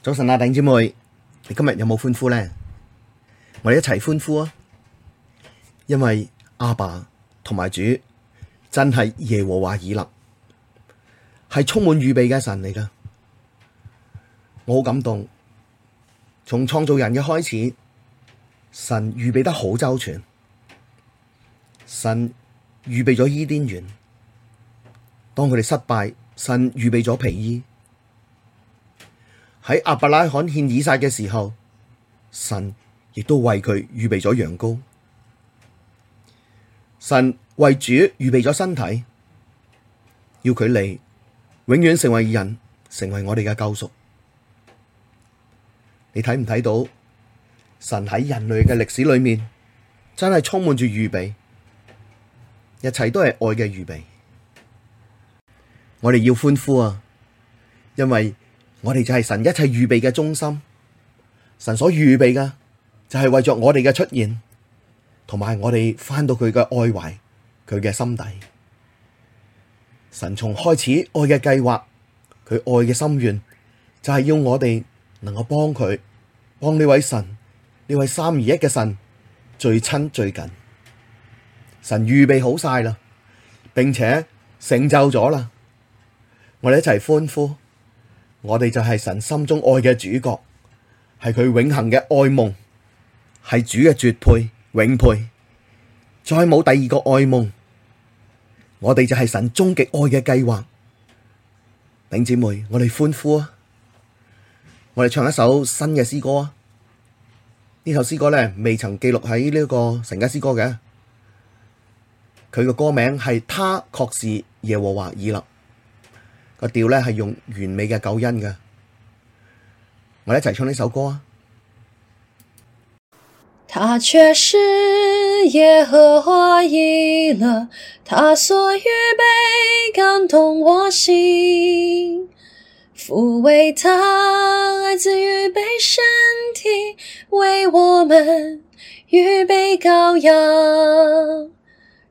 早晨啊，弟兄姊妹，你今日有冇歡呼呢？我哋一齊歡呼啊！因為阿爸同埋主真係耶和華以勒，係充滿預備嘅神嚟噶。我好感動，從創造人嘅開始，神預備得好周全。神預備咗伊甸園，當佢哋失敗，神預備咗皮衣。喺亞伯拉罕獻以撒嘅時候，神亦都為佢預備咗羊羔。神為主預備咗身體，要佢嚟永遠成為人，成為我哋嘅救贖。你睇唔睇到？神喺人類嘅歷史裏面，真係充滿住預備，一切都係愛嘅預備。我哋要歡呼啊！因為我哋就係神一切預備嘅中心，神所預備嘅就係為咗我哋嘅出現，同埋我哋返到佢嘅愛懷，佢嘅心底。神從開始愛嘅計劃，佢愛嘅心願，就係要我哋能夠幫佢，幫呢位神，呢位三而一嘅神最親最近。神預備好晒啦，並且成就咗啦，我哋一齊歡呼！我哋就係神心中愛嘅主角，係佢永恒嘅愛夢，係主嘅絕配永配，再冇第二個愛夢。我哋就係神終極愛嘅計劃，頂姐妹，我哋歡呼啊！我哋唱一首新嘅詩歌啊！呢首詩歌咧未曾記錄喺呢一個神家詩歌嘅，佢嘅歌名係他確是耶和華以勒。個調咧係用完美嘅救恩嘅，我哋一齊唱呢首歌啊！他確是耶和華以勒，他所預備感動我心，父為祂愛子預備身體，為我們預備羔羊。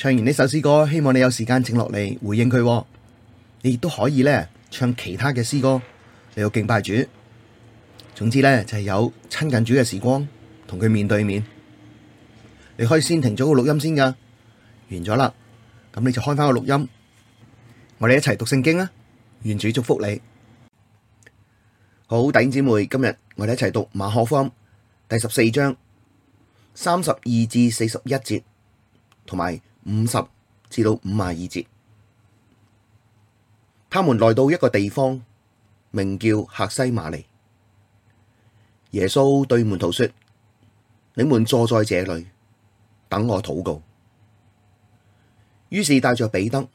唱完呢首詩歌，希望你有時間靜落嚟回應佢。你亦都可以咧唱其他嘅詩歌，嚟到敬拜主。總之咧就係有親近主嘅時光，同佢面對面。你可以先停咗個錄音先噶，完咗啦，咁你就開翻個錄音。我哋一齊讀聖經啊！願主祝福你。好，弟兄姊妹，今日我哋一齊讀馬可福音第十四章三十二至四十一節，同埋。五十至到五十二節，他們來到一個地方，名叫客西馬尼。耶穌對門徒說：你們坐在這裏，等我禱告。於是帶着彼得、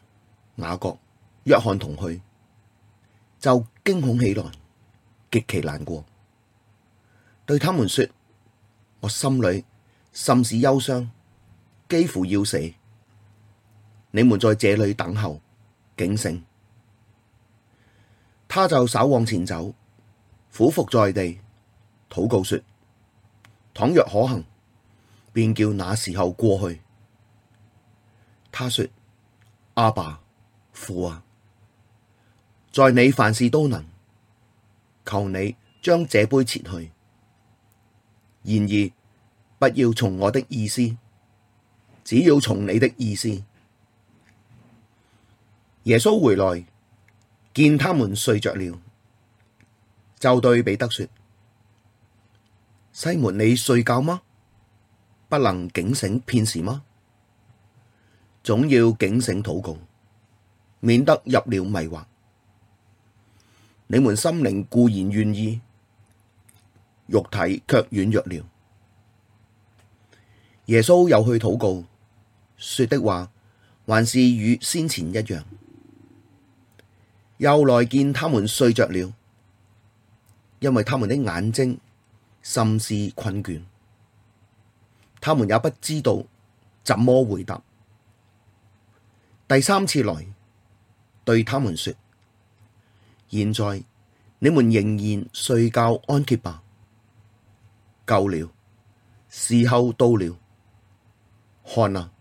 雅各、約翰同去，就驚恐起來，極其難過，對他們說：我心裏甚是憂傷，幾乎要死。你們在這裡等候，警醒。他就稍往前走，俯伏在地，禱告說：倘若可行，便叫那時候過去。他說：阿爸，父啊，在你凡事都能，求你將這杯撤去。然而不要從我的意思，只要從你的意思。耶穌回來，見他們睡着了，就對彼得說：西門，你睡覺嗎？不能警醒片時嗎？總要警醒禱告，免得入了迷惑。你們心靈固然願意，肉體卻軟弱了。耶穌又去禱告，說的話還是與先前一樣。又來見他們睡着了，因為他們的眼睛甚是困倦，他們也不知道怎麼回答。第三次來對他們說：現在你們仍然睡覺安歇吧，夠了，時候到了，看啊，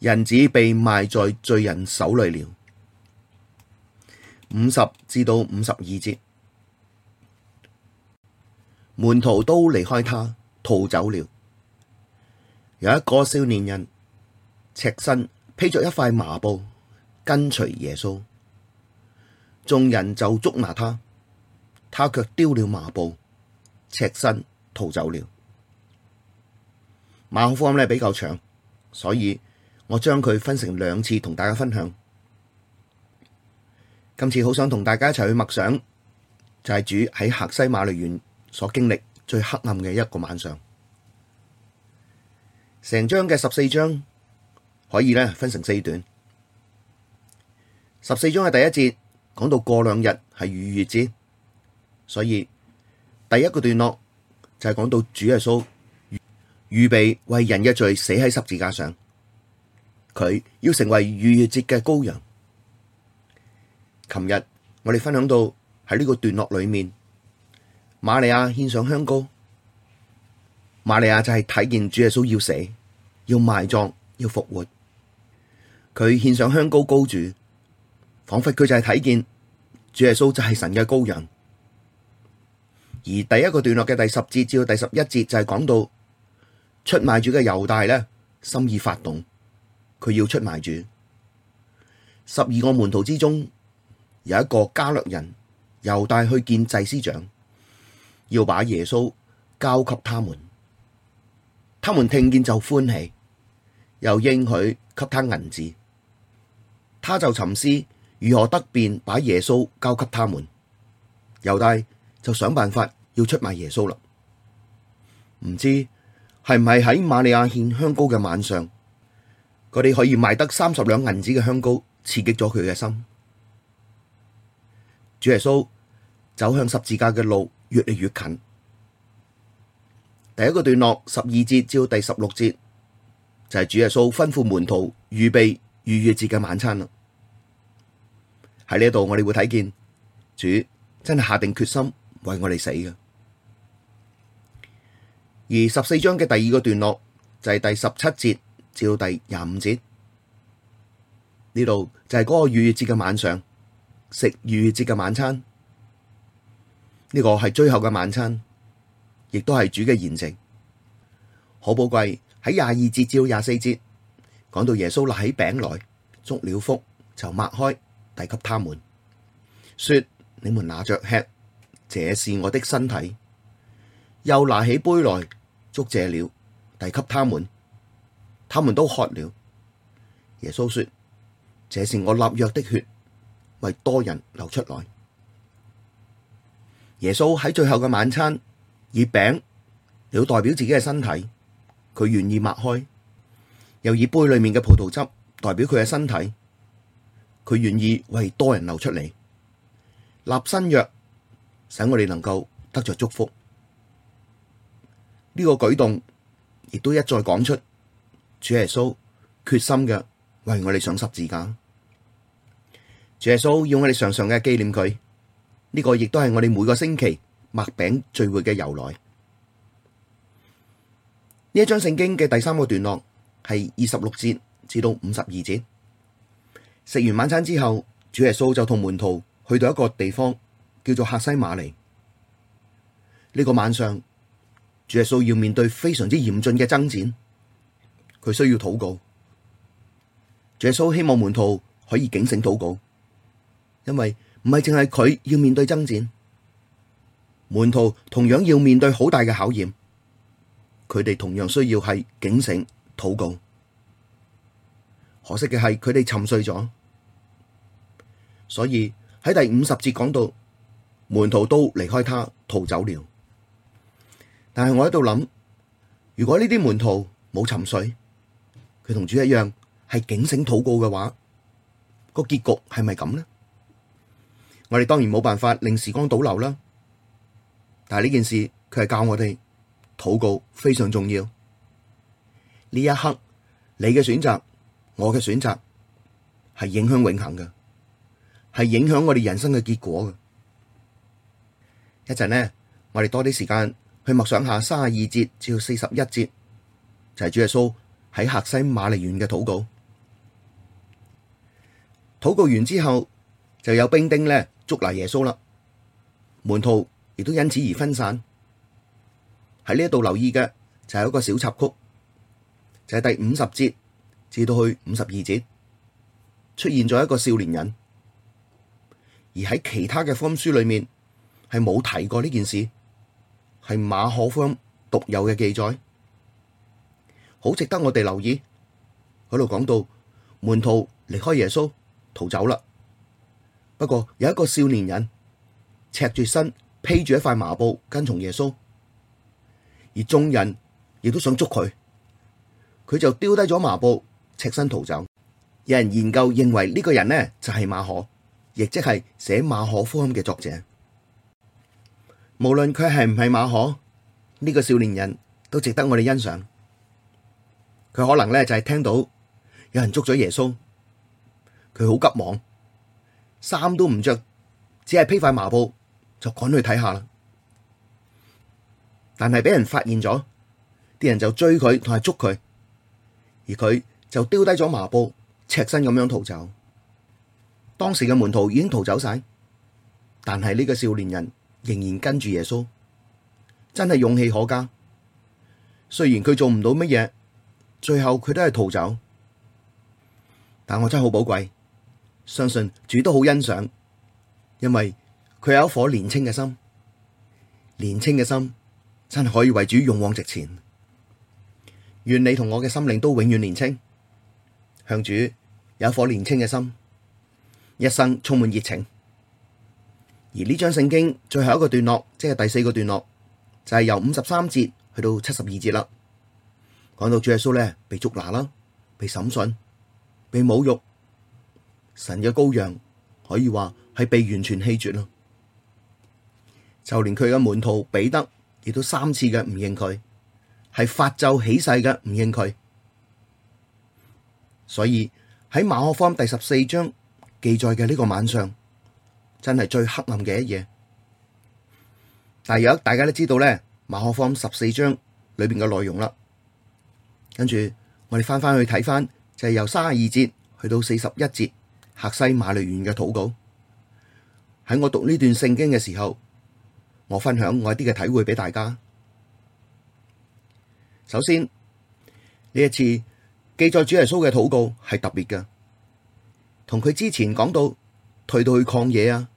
人子被賣在罪人手裏了。五十至到五十二節，門徒都離開他，逃走了。有一個少年人，赤身披着一塊麻布，跟隨耶穌，眾人就捉拿他，他却丟了麻布，赤身逃走了。馬可福音呢比較長，所以我將佢分成兩次同大家分享。今次好想同大家一齊去默想，就係主喺客西馬尼園所經歷最黑暗嘅一個晚上，成章嘅十四章可以咧分成四段。十四章嘅第一節講到過兩日係逾越節，所以第一個段落就係講到主耶穌預備為人嘅罪死喺十字架上，佢要成為逾越節嘅羔羊。琴日我哋分享到喺呢個段落裏面，瑪利亞獻上香膏，瑪利亞就係睇見主耶穌要死，要埋葬，要復活，佢獻上香膏膏主，仿佛佢就係睇見主耶穌就係神嘅羔羊。而第一個段落嘅第十節至到第十一節就係講到出賣主嘅猶大呢心意發動，佢要出賣主，十二個門徒之中。有一個加略人猶大去見祭司長，要把耶穌交給他們。他們聽見就歡喜，又應許給他銀子。他就沉思如何得便把耶穌交給他們。猶大就想辦法要出賣耶穌啦。唔知係唔係喺瑪利亞獻香膏嘅晚上，佢哋可以賣得三十兩銀子嘅香膏，刺激咗佢嘅心。主耶穌走向十字架嘅路越嚟越近。第一個段落十二節至到第十六節就係、是、主耶穌吩咐門徒預備逾越節嘅晚餐啦。喺呢度我哋會睇見主真係下定決心為我哋死嘅。而十四章嘅第二個段落就係、是、第十七節至到第廿五節呢度就係嗰個逾越節嘅晚上。食逾越節嘅晚餐，呢個係最後嘅晚餐，亦都係主嘅筵席，好寶貴。喺廿二節至到廿四節講到耶穌拿起餅來，祝了福就擘開，遞給他們，說：你們拿着吃，這是我的身體。又拿起杯來，祝謝了，遞給他們，他們都喝了。耶穌說：這是我立約的血。為多人流出來，耶穌喺最後嘅晚餐，以餅嚟到代表自己嘅身體，佢願意擘開；又以杯裏面嘅葡萄汁代表佢嘅身體，佢願意為多人流出嚟立新約，使我哋能夠得着祝福。呢個舉動亦都一再講出主耶穌決心嘅為我哋上十字架。主耶穌要我哋常常嘅紀念佢，呢個亦都係我哋每個星期麥餅聚會嘅由來。呢一章聖經嘅第三個段落係二十六節至到五十二節。食完晚餐之後，主耶穌就同門徒去到一個地方叫做客西馬尼。呢個晚上，主耶穌要面對非常之嚴峻嘅爭戰，佢需要禱告。主耶穌希望門徒可以警醒禱告。因為唔係淨係佢要面對爭戰，門徒同樣要面對好大嘅考驗，佢哋同樣需要係警醒禱告。可惜嘅係佢哋沉睡咗，所以喺第五十節講到門徒都離開他逃走了。但係我喺度諗，如果呢啲門徒冇沉睡，佢同主一樣係警醒禱告嘅話，個結局係咪咁呢？我哋當然冇辦法令時光倒流啦，但係呢件事佢係教我哋禱告非常重要。呢一刻你嘅選擇，我嘅選擇係影響永恆嘅，係影響我哋人生嘅結果嘅。一陣呢，我哋多啲時間去默想下三十二節至到四十一節，就係、是、主耶穌喺客西馬尼園嘅禱告。禱告完之後，就有兵丁咧捉拿耶穌啦，門徒亦都因此而分散。喺呢一度留意嘅就係一個小插曲，就係第五十節至到去五十二節出現咗一個少年人，而喺其他嘅福音書裏面係冇提過呢件事，係馬可福音獨有嘅記載，好值得我哋留意。喺度講到門徒離開耶穌逃走啦。不過有一個少年人赤住身披住一塊麻布跟從耶穌，而眾人亦都想捉佢，佢就丟低咗麻布，赤身逃走。有人研究認為呢個人呢就係、是、馬可，亦即係寫馬可福音嘅作者。無論佢係唔係馬可，呢、這個少年人都值得我哋欣賞。佢可能呢就係、是、聽到有人捉咗耶穌，佢好急忙。衫都唔着，只係披塊麻布就趕去睇下啦。但係俾人發現咗，啲人就追佢同埋捉佢，而佢就丟低咗麻布，赤身咁樣逃走。當時嘅門徒已經逃走晒，但係呢個少年人仍然跟住耶穌，真係勇氣可嘉。雖然佢做唔到乜嘢，最後佢都係逃走，但我真係好寶貴。相信主都好欣賞，因為佢有一顆年青嘅心，年青嘅心真係可以為主勇往直前。願你同我嘅心靈都永遠年青，向主有一顆年青嘅心，一生充滿熱情。而呢張聖經最後一個段落，即係第四個段落，就係由五十三節去到七十二節啦。講到主耶穌咧，被捉拿啦，被審訊，被侮辱。神嘅羔羊可以話係被完全棄絕啦，就連佢嘅門徒彼得亦都三次嘅唔認佢，係發咒起誓嘅唔認佢。所以喺馬可福音第十四章記載嘅呢個晚上，真係最黑暗嘅一夜。大約大家都知道咧，馬可福音十四章裏邊嘅內容啦，跟住我哋翻翻去睇翻，就係由三十二節去到四十一節。客西馬尼園嘅禱告，喺我讀呢段聖經嘅時候，我分享我啲嘅體會俾大家。首先呢一次記載主耶穌嘅禱告係特別嘅，同佢之前講到退到去曠野啊，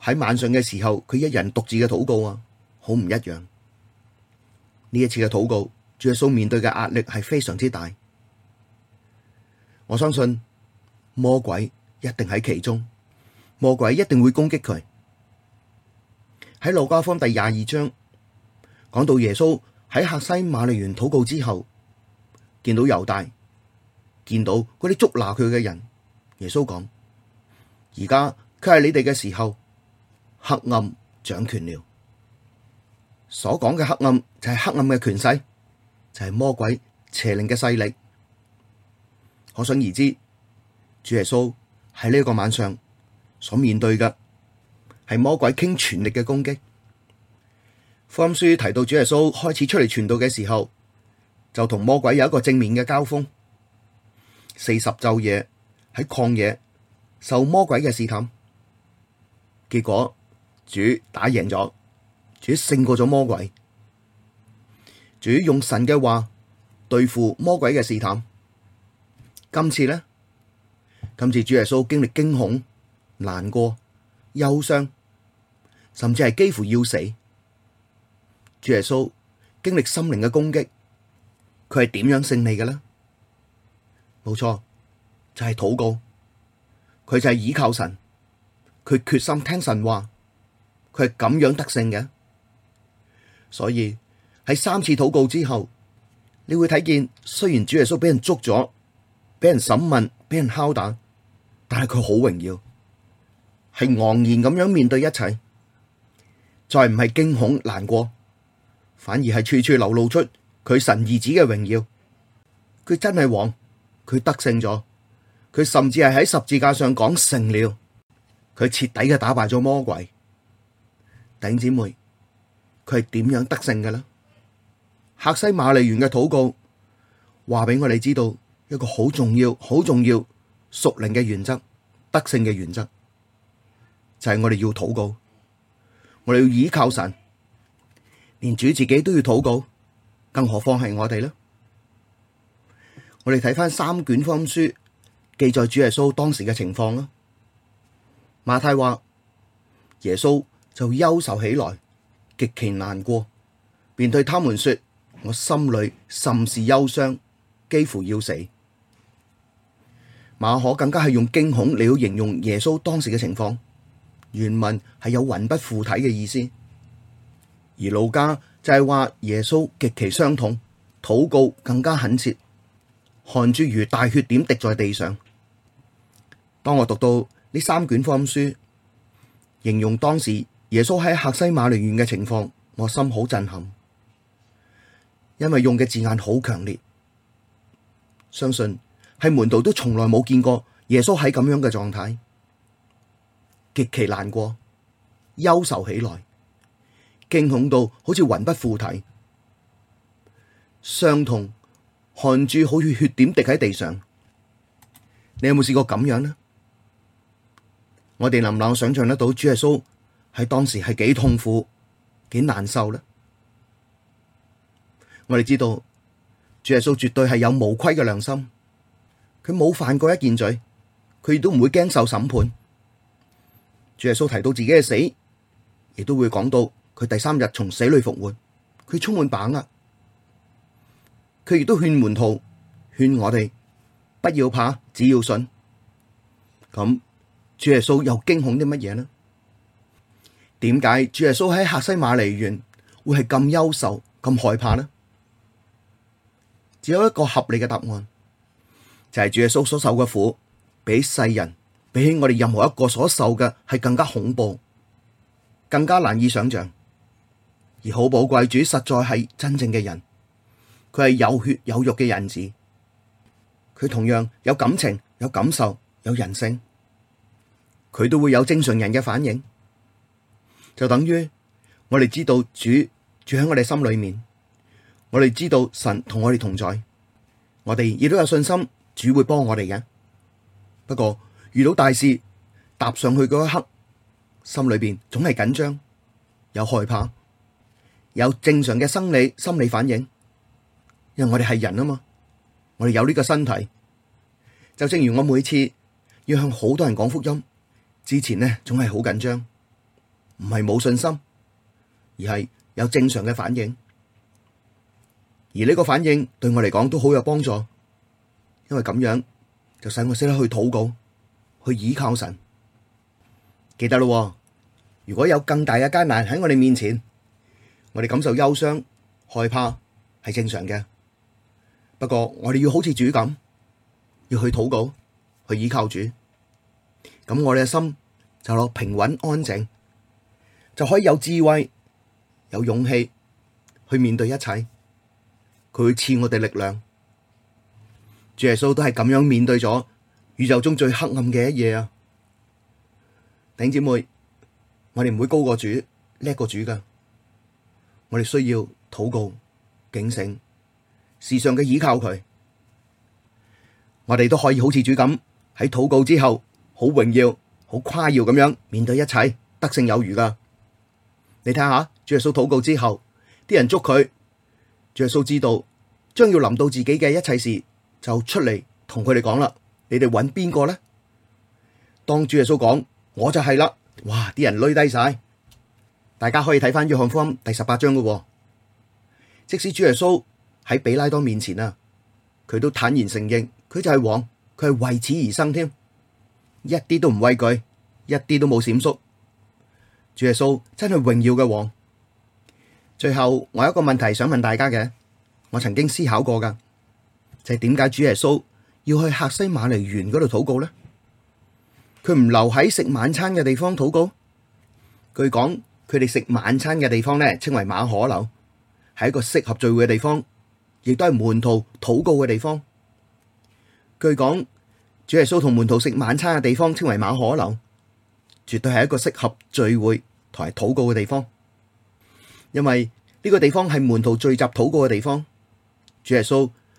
喺晚上嘅時候佢一人獨自嘅禱告啊，好唔一樣。呢一次嘅禱告，主耶穌面對嘅壓力係非常之大。我相信魔鬼。一定喺其中，魔鬼一定會攻擊佢。喺路加方第廿二章講到，耶穌喺客西馬尼園禱告之後，見到猶大，見到嗰啲捉拿佢嘅人，耶穌講：而家佢係你哋嘅時候，黑暗掌權了。所講嘅黑暗就係黑暗嘅權勢，就係魔鬼邪靈嘅勢力。可想而知，主耶穌。喺呢一個晚上所面對嘅係魔鬼傾全力嘅攻擊。福音書提到主耶穌開始出嚟傳道嘅時候，就同魔鬼有一個正面嘅交鋒。四十晝夜喺曠野受魔鬼嘅試探，結果主打贏咗，主勝過咗魔鬼，主用神嘅話對付魔鬼嘅試探。今次呢。今次主耶穌經歷驚恐、難過、憂傷，甚至係幾乎要死。主耶穌經歷心靈嘅攻擊，佢係點樣勝利嘅呢？冇錯，就係禱告，佢就係倚靠神，佢決心聽神話，佢係咁樣得勝嘅。所以喺三次禱告之後，你會睇見，雖然主耶穌俾人捉咗，俾人審問，俾人敲打。但係佢好榮耀，係昂然咁樣面對一切，再唔係驚恐難過，反而係處處流露出佢神兒子嘅榮耀。佢真係王，佢得勝咗，佢甚至係喺十字架上講成了，佢徹底嘅打敗咗魔鬼。弟兄姊妹，佢係點樣得勝嘅咧？客西馬尼園嘅禱告話俾我哋知道一個好重要、好重要。屬靈嘅原則、德性嘅原則，就係、是、我哋要禱告，我哋要倚靠神。連主自己都要禱告，更何況係我哋呢？我哋睇翻三卷福音書記載主耶穌當時嘅情況啦。馬太話耶穌就憂愁起來，極其難過，便對他們說，我心裡甚是憂傷，幾乎要死。馬可更加係用驚恐嚟去形容耶穌當時嘅情況，原文係有魂不附體嘅意思，而路加就係話耶穌極其傷痛，禱告更加懇切，汗珠如大血點滴在地上。當我讀到呢三卷福音書，形容當時耶穌喺客西馬尼園嘅情況，我心好震撼，因為用嘅字眼好強烈，相信。喺門度都從來冇見過耶穌喺咁樣嘅狀態，極其難過，憂愁起來，驚恐到好似魂不附體，傷痛，汗珠好似血點滴喺地上。你有冇試過咁樣呢？我哋能唔能想象得到主耶穌喺當時係幾痛苦、幾難受呢？我哋知道，主耶穌絕對係有無愧嘅良心。佢冇犯過一件罪，佢亦都唔會驚受審判。主耶穌提到自己嘅死，亦都會講到佢第三日從死裡復活。佢充滿把握，佢亦都勸門徒，勸我哋不要怕，只要信。咁主耶穌又驚恐啲乜嘢呢？點解主耶穌喺客西馬尼園會係咁憂愁、咁害怕呢？只有一個合理嘅答案。就係主耶穌所受嘅苦，比起世人，比起我哋任何一個所受嘅係更加恐怖，更加難以想象。而好寶貴，主實在係真正嘅人，佢係有血有肉嘅人子，佢同樣有感情、有感受、有人性，佢都會有正常人嘅反應。就等於我哋知道主住喺我哋心裏面，我哋知道神同我哋同在，我哋亦都有信心。主會幫我哋嘅，不過遇到大事踏上去嗰一刻，心裡邊總係緊張，有害怕，有正常嘅生理心理反應，因為我哋係人啊嘛，我哋有呢個身體，就正如我每次要向好多人講福音之前呢，總係好緊張，唔係冇信心，而係有正常嘅反應，而呢個反應對我嚟講都好有幫助。因為咁樣就使我識得去禱告，去倚靠神。記得咯，如果有更大嘅艱難喺我哋面前，我哋感受憂傷、害怕係正常嘅。不過我哋要好似主咁，要去禱告，去倚靠主。咁我哋嘅心就攞平穩、安靜，就可以有智慧、有勇氣去面對一切。佢會賜我哋力量。主耶穌都係咁樣面對咗宇宙中最黑暗嘅一夜啊！弟兄姐妹，我哋唔會高過主、叻過主噶。我哋需要禱告、警醒、時常嘅倚靠佢。我哋都可以好似主咁喺禱告之後，好榮耀、好誇耀咁樣面對一切，得勝有餘噶。你睇下，主耶穌禱告之後，啲人捉佢，主耶穌知道將要臨到自己嘅一切事。就出嚟同佢哋講啦，你哋揾邊個咧？當主耶穌講，我就係啦。哇！啲人累低晒，大家可以睇翻約翰福音第十八章嘅哦。即使主耶穌喺比拉多面前啊，佢都坦然承認，佢就係王，佢係為此而生添，一啲都唔畏懼，一啲都冇閃縮。主耶穌真係榮耀嘅王。最後，我有一個問題想問大家嘅，我曾經思考過噶。就係點解主耶穌要去客西馬尼園嗰度禱告呢？佢唔留喺食晚餐嘅地方禱告。據講，佢哋食晚餐嘅地方呢，稱為馬可樓，係一個適合聚會嘅地方，亦都係門徒禱告嘅地方。據講，主耶穌同門徒食晚餐嘅地方稱為馬可樓，絕對係一個適合聚會同埋禱告嘅地方，因為呢個地方係門徒聚集禱告嘅地方，主耶穌。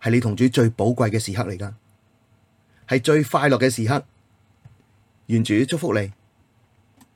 係你同主最寶貴嘅時刻嚟㗎，係最快樂嘅時刻。願主祝福你。